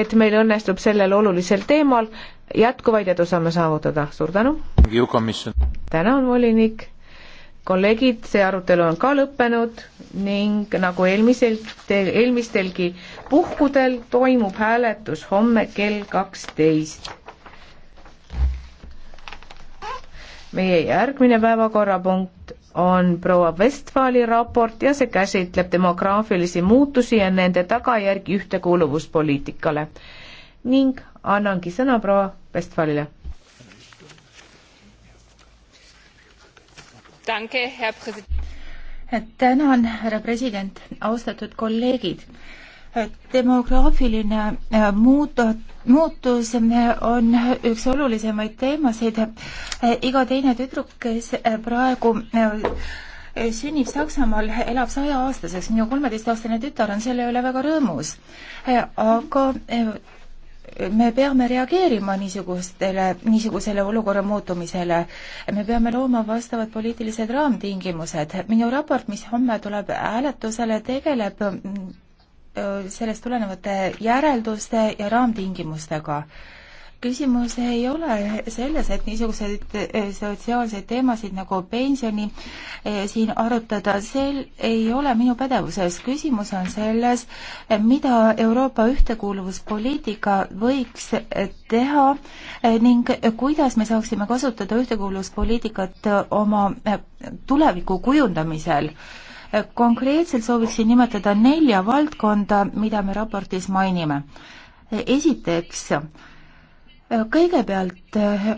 et meil õnnestub sellel olulisel teemal jätkuvaid edusamme saavutada. suur tänu! tänan, volinik! kolleegid, see arutelu on ka lõppenud ning nagu eelmisel, eelmistelgi puhkudel toimub hääletus homme kell kaksteist. meie järgmine päevakorrapunkt on proua Westfali raport ja see käsitleb demograafilisi muutusi ja nende tagajärgi ühtekuuluvuspoliitikale. ning annangi sõna proua Westfalile. tänan, härra president, austatud kolleegid demograafiline äh, muudat, muutus on üks olulisemaid teemasid. Äh, iga teine tüdruk, kes äh, praegu sünnib Saksamaal, elab saja-aastaseks, minu kolmeteistaastane tütar on selle üle väga rõõmus. aga me peame reageerima niisugustele, niisugusele olukorra muutumisele. me peame looma vastavad poliitilised raamtingimused. minu raport, mis homme tuleb hääletusele, tegeleb sellest tulenevate järelduste ja raamtingimustega. küsimus ei ole selles, et niisuguseid sotsiaalseid teemasid nagu pensioni siin arutada, see ei ole minu pädevuses. küsimus on selles, mida Euroopa ühtekuuluvuspoliitika võiks teha ning kuidas me saaksime kasutada ühtekuuluvuspoliitikat oma tuleviku kujundamisel konkreetselt sooviksin nimetada nelja valdkonda, mida me raportis mainime. esiteks, kõigepealt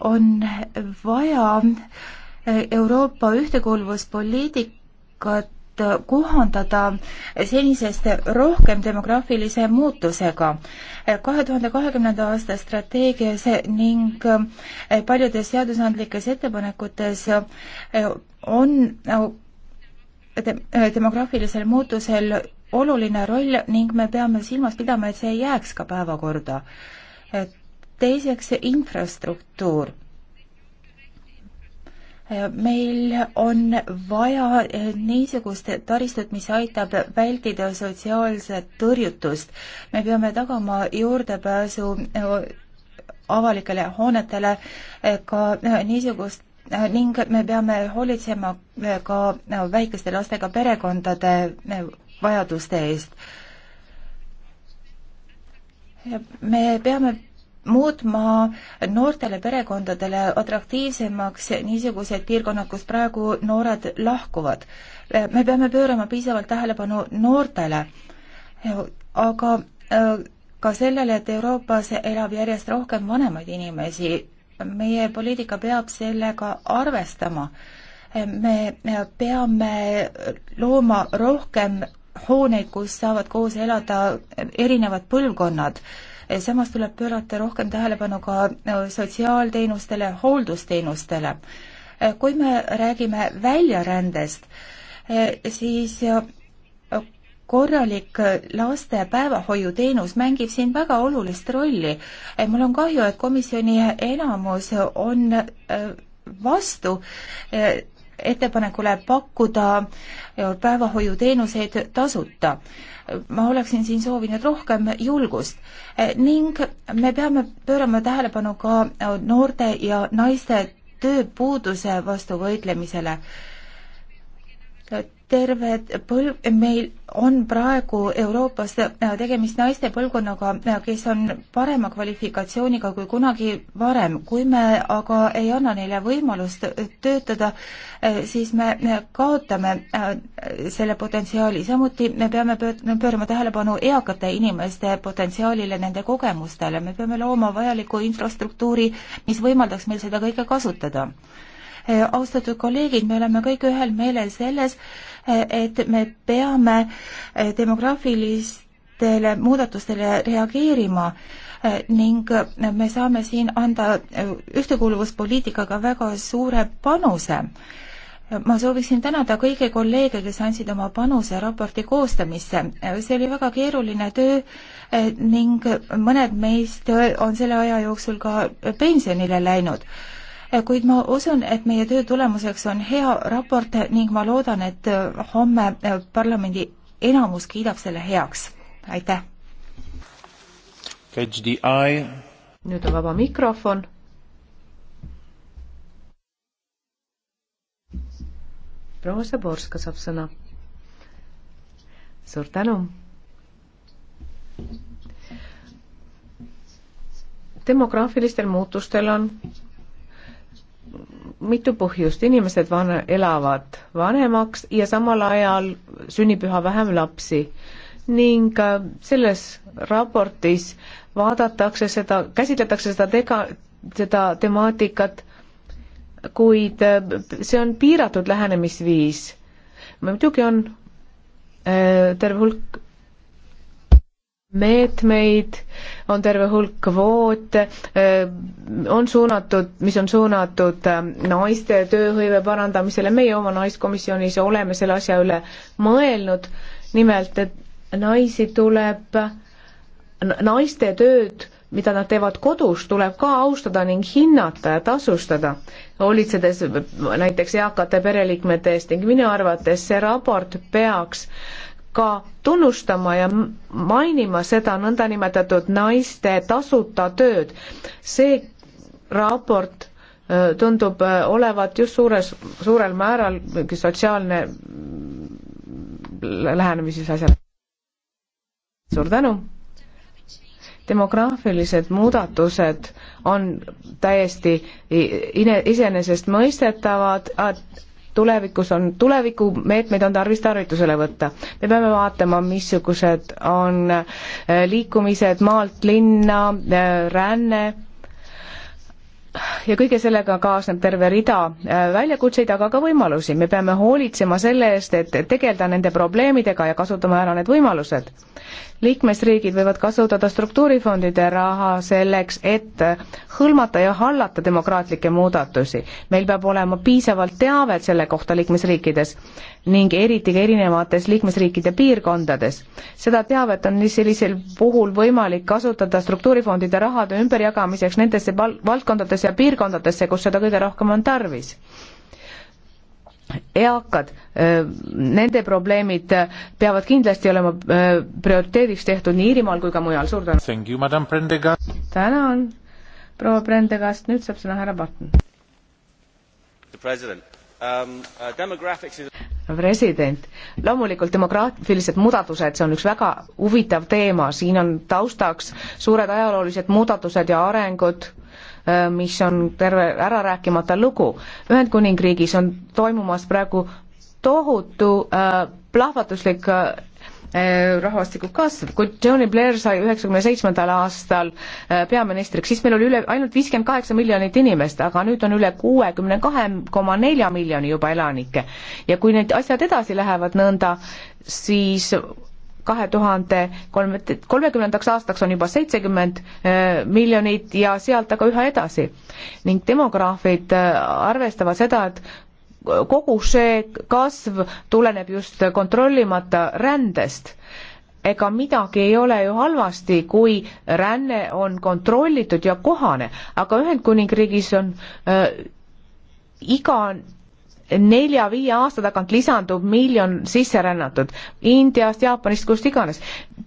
on vaja Euroopa ühtekuuluvuspoliitikat kohandada senisest rohkem demograafilise muutusega. kahe tuhande kahekümnenda aasta strateegias ning paljudes seadusandlikes ettepanekutes on Äh, demograafilisel muutusel oluline roll ning me peame silmas pidama, et see ei jääks ka päevakorda. Äh, teiseks, infrastruktuur. Äh, meil on vaja niisugust taristut, mis aitab vältida sotsiaalset tõrjutust. me peame tagama juurdepääsu avalikele hoonetele ka niisugust ning me peame hoolitsema eh, ka eh, väikeste lastega perekondade eh, vajaduste eest. me peame muutma noortele perekondadele atraktiivsemaks niisugused piirkonnad, kus praegu noored lahkuvad. me peame pöörama piisavalt tähelepanu noortele, aga ka sellele, et Euroopas elab järjest rohkem vanemaid inimesi, meie poliitika peab sellega arvestama. me peame looma rohkem hooneid, kus saavad koos elada erinevad põlvkonnad. samas tuleb pöörata rohkem tähelepanu ka sotsiaalteenustele, hooldusteenustele. kui me räägime väljarändest, siis korralik laste päevahoiuteenus mängib siin väga olulist rolli. Eh, mul on kahju, et komisjoni enamus on eh, vastu eh, ettepanekule pakkuda päevahoiuteenuseid tasuta. ma oleksin siin soovinud rohkem julgust ning me peame pöörama tähelepanu ka noorte ja naiste tööpuuduse vastu võitlemisele terved põlv, meil on praegu Euroopas äh, tegemist naiste põlvkonnaga, äh, kes on parema kvalifikatsiooniga kui kunagi varem. kui me aga ei anna neile võimalust töötada, äh, siis me kaotame selle potentsiaali. samuti me peame pöörama tähelepanu eakate inimeste potentsiaalile, nende kogemustele. me peame looma vajaliku infrastruktuuri, mis võimaldaks meil seda kõike kasutada. austatud kolleegid, me oleme kõik ühel meelel selles, et me peame eh, demograafilistele muudatustele reageerima eh, ning eh, me saame siin anda ühtekuuluvuspoliitikaga väga suure panuse. ma sooviksin tänada kõiki kolleege, kes andsid oma panuse raporti koostamisse. see oli väga keeruline töö ning mõned meist on selle aja jooksul ka pensionile läinud Äh, kuid ma usun, et meie töö tulemuseks on hea raport ning ma loodan, et äh, homme äh, parlamendi enamus kiidab selle heaks. aitäh! nüüd on vaba mikrofon. proua Zaborska saab sõna. suur tänu! demograafilistel muutustel on mitu põhjust, inimesed van-, elavad vanemaks ja samal ajal sünnib üha vähem lapsi ning äh, selles raportis vaadatakse seda, käsitletakse seda tega-, seda temaatikat, kuid äh, see on piiratud lähenemisviis. muidugi on äh, terve hulk meetmeid, on terve hulk kvoote, on suunatud, mis on suunatud naiste tööhõive parandamisele, meie oma naiskomisjonis oleme selle asja üle mõelnud, nimelt et naisi tuleb, naiste tööd, mida nad teevad kodus, tuleb ka austada ning hinnata ja tasustada, hoolitsedes näiteks eakate pereliikmete eest ning minu arvates see raport peaks ka tunnustama ja mainima seda nõndanimetatud naiste tasuta tööd. see raport äh, tundub äh, olevat just suures, suurel määral mingi sotsiaalne mm, lähenemises asjale. suur tänu! demograafilised muudatused on täiesti iseenesestmõistetavad, tulevikus on, tulevikumeetmeid on tarvis tarvitusele võtta. me peame vaatama, missugused on äh, liikumised maalt linna, äh, ränne, ja kõige sellega kaasneb terve rida äh, väljakutseid, aga ka võimalusi. me peame hoolitsema selle eest, et tegeleda nende probleemidega ja kasutama ära need võimalused liikmesriigid võivad kasutada struktuurifondide raha selleks, et hõlmata ja hallata demokraatlikke muudatusi. meil peab olema piisavalt teavet selle kohta liikmesriikides ning eriti ka erinevates liikmesriikide piirkondades. seda teavet on sellisel puhul võimalik kasutada struktuurifondide rahade ümberjagamiseks nendesse val-, valdkondadesse ja piirkondadesse, kus seda kõige rohkem on tarvis eakad, nende probleemid äh, peavad kindlasti olema prioriteediks tehtud nii Iirimaal kui ka mujal, suur tänu! tänan, proua Prendegast, nüüd saab sõna härra Barton. Um, uh, demographics is president, loomulikult demograafilised muudatused, see on üks väga huvitav teema, siin on taustaks suured ajaloolised muudatused ja arengud Äh, mis on terve ära rääkimata lugu. Ühendkuningriigis on toimumas praegu tohutu äh, plahvatuslik äh, äh rahvastiku kasv, kui Tony Blair sai üheksakümne seitsmendal aastal äh, peaministriks, siis meil oli üle, ainult viiskümmend kaheksa miljonit inimest, aga nüüd on üle kuuekümne kahe koma nelja miljoni juba elanikke. ja kui need asjad edasi lähevad nõnda, siis kahe tuhande kolme, kolmekümnendaks aastaks on juba seitsekümmend äh, miljonit ja sealt aga üha edasi. ning demograafid äh, arvestavad seda, et kogu see kasv tuleneb just kontrollimata rändest ega midagi ei ole ju halvasti, kui ränne on kontrollitud ja kohane, aga Ühendkuningriigis on äh, iga nelja-viie aasta tagant lisandub miljon sisserännatut Indiast, Jaapanist, kust iganes.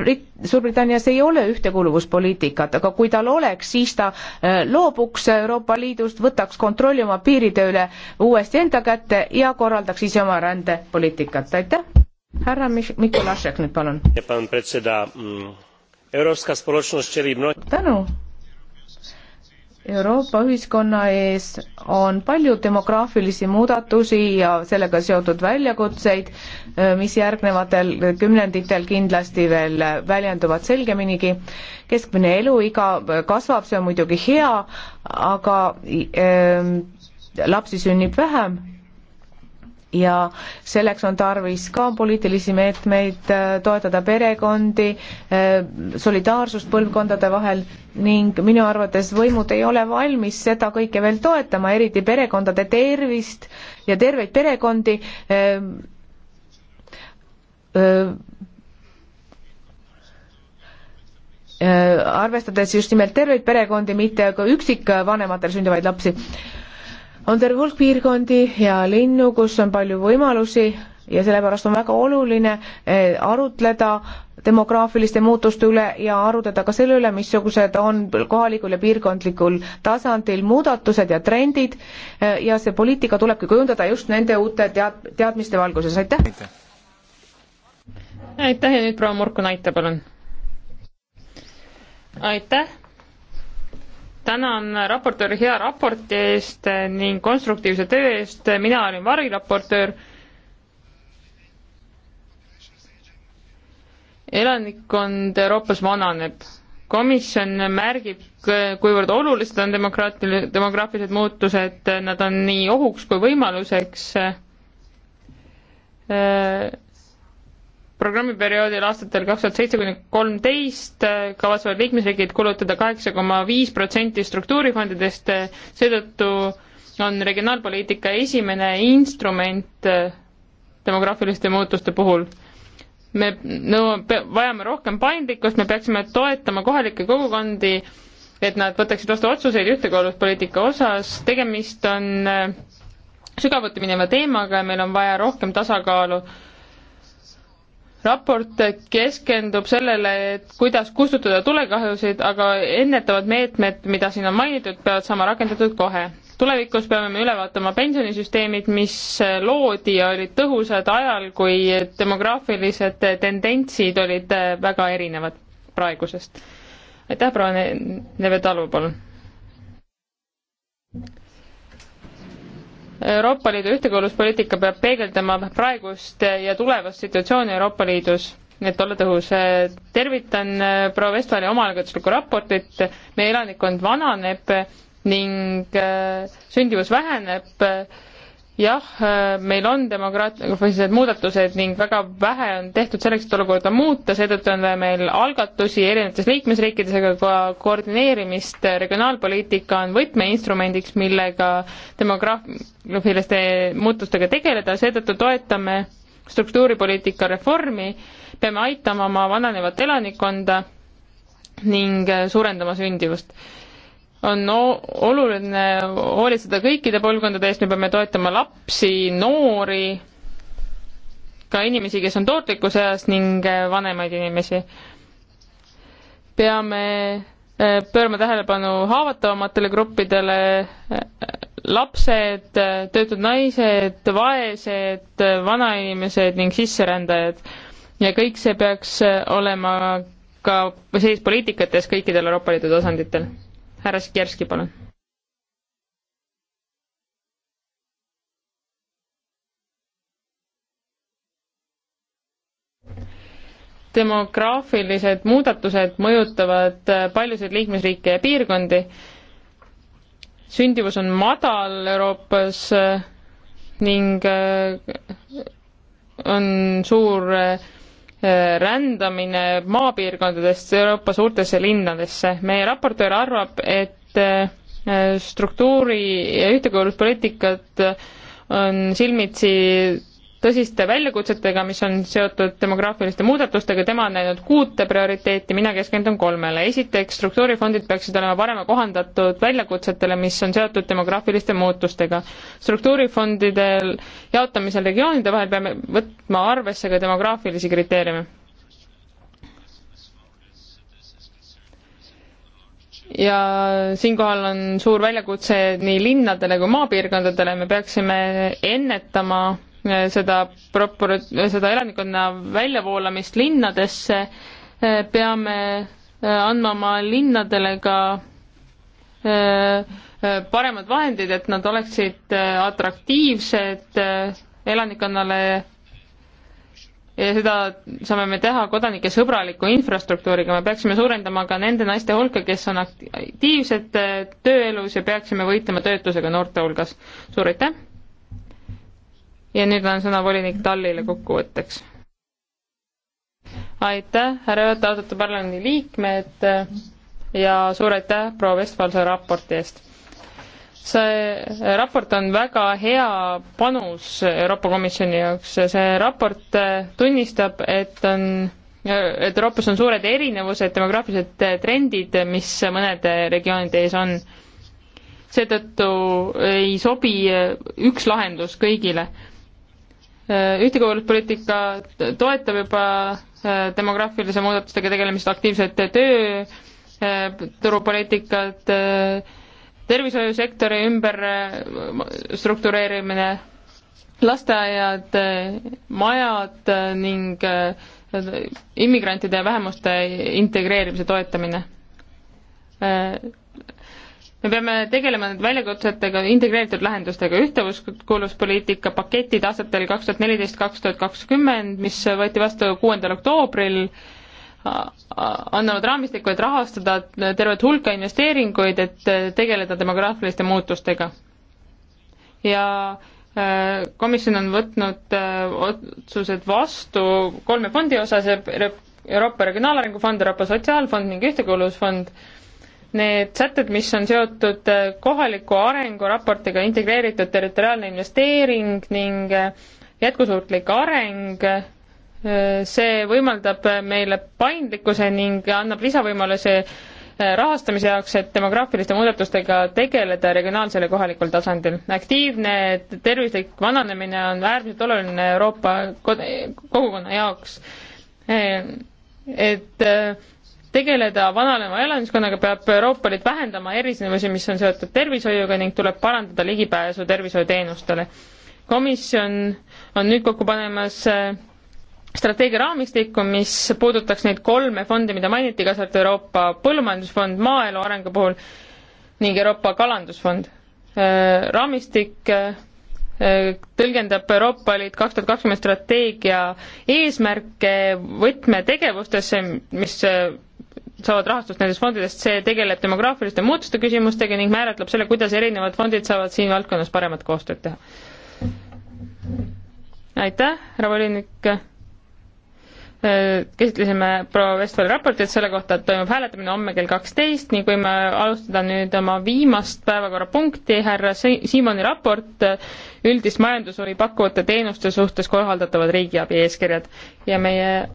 Brit-, Suurbritannias ei ole ühtekuuluvuspoliitikat, aga kui tal oleks, siis ta äh, loobuks Euroopa Liidust, võtaks kontrolli oma piiride üle uuesti enda kätte ja korraldaks ise oma rändepoliitikat, aitäh. härra Mich-, Mikulašek nüüd palun. Mm, tänu Euroopa ühiskonna ees on palju demograafilisi muudatusi ja sellega seotud väljakutseid, äh, mis järgnevatel kümnenditel kindlasti veel väljenduvad selgeminigi. keskmine eluiga äh, kasvab, see on muidugi hea, aga äh, lapsi sünnib vähem ja selleks on tarvis ka poliitilisi meetmeid, äh, toetada perekondi, äh, solidaarsust põlvkondade vahel ning minu arvates võimud ei ole valmis seda kõike veel toetama, eriti perekondade tervist ja terveid perekondi äh, arvestades just nimelt terveid perekondi, mitte ka üksikvanematel sündivaid lapsi on terve hulk piirkondi ja linnu, kus on palju võimalusi ja sellepärast on väga oluline eh, arutleda demograafiliste muutuste üle ja arutleda ka selle üle, missugused on kohalikul ja piirkondlikul tasandil muudatused ja trendid eh, ja see poliitika tulebki kujundada just nende uute tead-, teadmiste valguses, aitäh! aitäh ja nüüd proua Murku Naita, palun! aitäh! tänan raportööri hea raporti eest ning konstruktiivse töö eest, mina olin variraportöör. elanikkond Euroopas vananeb. komisjon märgib, kuivõrd olulised on demokraatil-, demograafilised muutused, nad on nii ohuks kui võimaluseks äh, programmiperioodil aastatel kaks tuhat seitse kuni kolmteist äh, kavatsevad liikmesriigid kulutada kaheksa koma viis protsenti struktuurifondidest, äh, seetõttu on regionaalpoliitika esimene instrument äh, demograafiliste muutuste puhul. me nõuame no,, vajame rohkem paindlikkust, me peaksime toetama kohalikke kogukondi, et nad võtaksid vastu otsuseid ühtekuuluvuspoliitika osas, tegemist on sügavuti mineva teemaga ja meil on vaja rohkem tasakaalu äh, raport keskendub sellele, et kuidas kustutada tulekahjusid, aga ennetavad meetmed, mida siin on mainitud, peavad saama rakendatud kohe. tulevikus peame me üle vaatama pensionisüsteemid, mis loodi ja olid tõhusad ajal, kui demograafilised tendentsid olid väga erinevad praegusest. aitäh, proua Neve Talu, palun! Euroopa Liidu ühtekuuluvuspoliitika peab peegeldama praegust ja tulevast situatsiooni Euroopa Liidus, et olla tõhus. tervitan äh, proua Vestvali omaalgatuslikku raportit, meie elanikkond vananeb ning äh, sündimus väheneb jah, meil on demokraatlikud muudatused ning väga vähe on tehtud selleks, et olukorda muuta, seetõttu on meil algatusi erinevates liikmesriikides, aga ka koordineerimist, regionaalpoliitika on võtmeinstrumendiks, millega demograafiliste muutustega tegeleda, seetõttu toetame struktuuripoliitika reformi, peame aitama oma vananevat elanikkonda ning suurendama sündivust on oluline hoolitseda kõikide põlvkondade eest, me peame toetama lapsi, noori, ka inimesi, kes on tootlikus eas ning äh, vanemaid inimesi. peame äh, pöörama tähelepanu haavatavamatele gruppidele, äh, lapsed, töötud naised, vaesed, vanainimesed ning sisserändajad. ja kõik see peaks olema ka sees poliitikates kõikidel Euroopa Liidu tasanditel härra Sikerski, palun. demograafilised muudatused mõjutavad äh, paljusid liikmesriike ja piirkondi. sündivus on madal Euroopas äh, ning äh, on suur rändamine maapiirkondadest Euroopa suurtesse linnadesse. meie raportöör arvab, et äh, struktuuri ja ühtekuuluvuspoliitikat on silmitsi tõsiste väljakutsetega, mis on seotud demograafiliste muudatustega, tema on näinud kuute prioriteeti, mina keskendun kolmele. esiteks, struktuurifondid peaksid olema parema kohandatud väljakutsetele, mis on seotud demograafiliste muutustega. struktuurifondidel jaotamisel regioonide vahel peame võtma arvesse ka demograafilisi kriteeriume. ja siinkohal on suur väljakutse nii linnadele kui maapiirkondadele, me peaksime ennetama seda propor-, seda elanikkonna väljavoolamist linnadesse, eh, peame eh, andma oma linnadele ka eh, paremad vahendid, et nad oleksid atraktiivsed elanikkonnale ja seda saame me teha kodanike sõbraliku infrastruktuuriga, me peaksime suurendama ka nende naiste hulka, kes on aktiivsed tööelus ja peaksime võitlema töötusega noorte hulgas. suur aitäh! ja nüüd ma annan sõna volinik Tallile kokkuvõtteks. aitäh, härra juhataja, austatud parlamendi liikmed ja suur aitäh proua Vestfalse raporti eest see raport on väga hea panus Euroopa Komisjoni jaoks, see raport tunnistab, et on et Euroopas on suured erinevused, demograafilised trendid, mis mõnede regioonide ees on. seetõttu ei sobi üks lahendus kõigile. Äh, ühtekuuluvuspoliitika toetab juba äh, demograafilise muudatustega tegelemist, aktiivset tööturupoliitikat, äh, tervishoiusektori ümber struktureerimine, lasteaiad, majad ning immigrantide ja vähemuste integreerimise toetamine me peame tegelema nüüd väljakutsetega, integreeritud lahendustega, ühtekuuluvuspoliitika paketid aastatel kaks tuhat neliteist, kaks tuhat kakskümmend, mis võeti vastu kuuendal oktoobril, annavad raamistiku, et rahastada tervet hulka investeeringuid, et tegeleda demograafiliste muutustega. ja e, komisjon on võtnud e, otsused vastu kolme fondi osas, Euroopa Regionaalarengu Fond, Euroopa Sotsiaalfond ning Ühtekuuluvusfond need sätted, mis on seotud äh, kohaliku arenguraportiga integreeritud territoriaalne investeering ning äh, jätkusuutlik areng, äh, see võimaldab meile paindlikkuse ning annab lisavõimaluse rahastamise jaoks, et demograafiliste muudatustega tegeleda regionaalsel ja kohalikul tasandil. aktiivne tervislik vananemine on äärmiselt oluline Euroopa kogukonna jaoks. et tegeleda vananeva elaniskonnaga, peab Euroopa Liit vähendama erinevusi, mis on seotud tervishoiuga ning tuleb parandada ligipääsu tervishoiuteenustele. komisjon on nüüd kokku panemas äh, strateegia raamistikku, mis puudutaks neid kolme fondi, mida mainiti, kaasa arvatud Euroopa Põllumajandusfond maaelu arengu puhul ning Euroopa Kalandusfond. Äh, raamistik äh, tõlgendab Euroopa Liit kaks tuhat kakskümmend strateegia eesmärke võtmetegevustesse, mis saavad rahastust nendest fondidest, see tegeleb demograafiliste muutuste küsimustega ning määratleb selle, kuidas erinevad fondid saavad siin valdkonnas paremat koostööd teha. aitäh, härra volinik. käsitlesime proua Vestvali raportit selle kohta, et toimub hääletamine homme kell kaksteist ning võime alustada nüüd oma viimast päevakorrapunkti, härra Siimoni raport üldist majandushuvi pakkuvate teenuste suhtes kohaldatavad riigiabi eeskirjad ja meie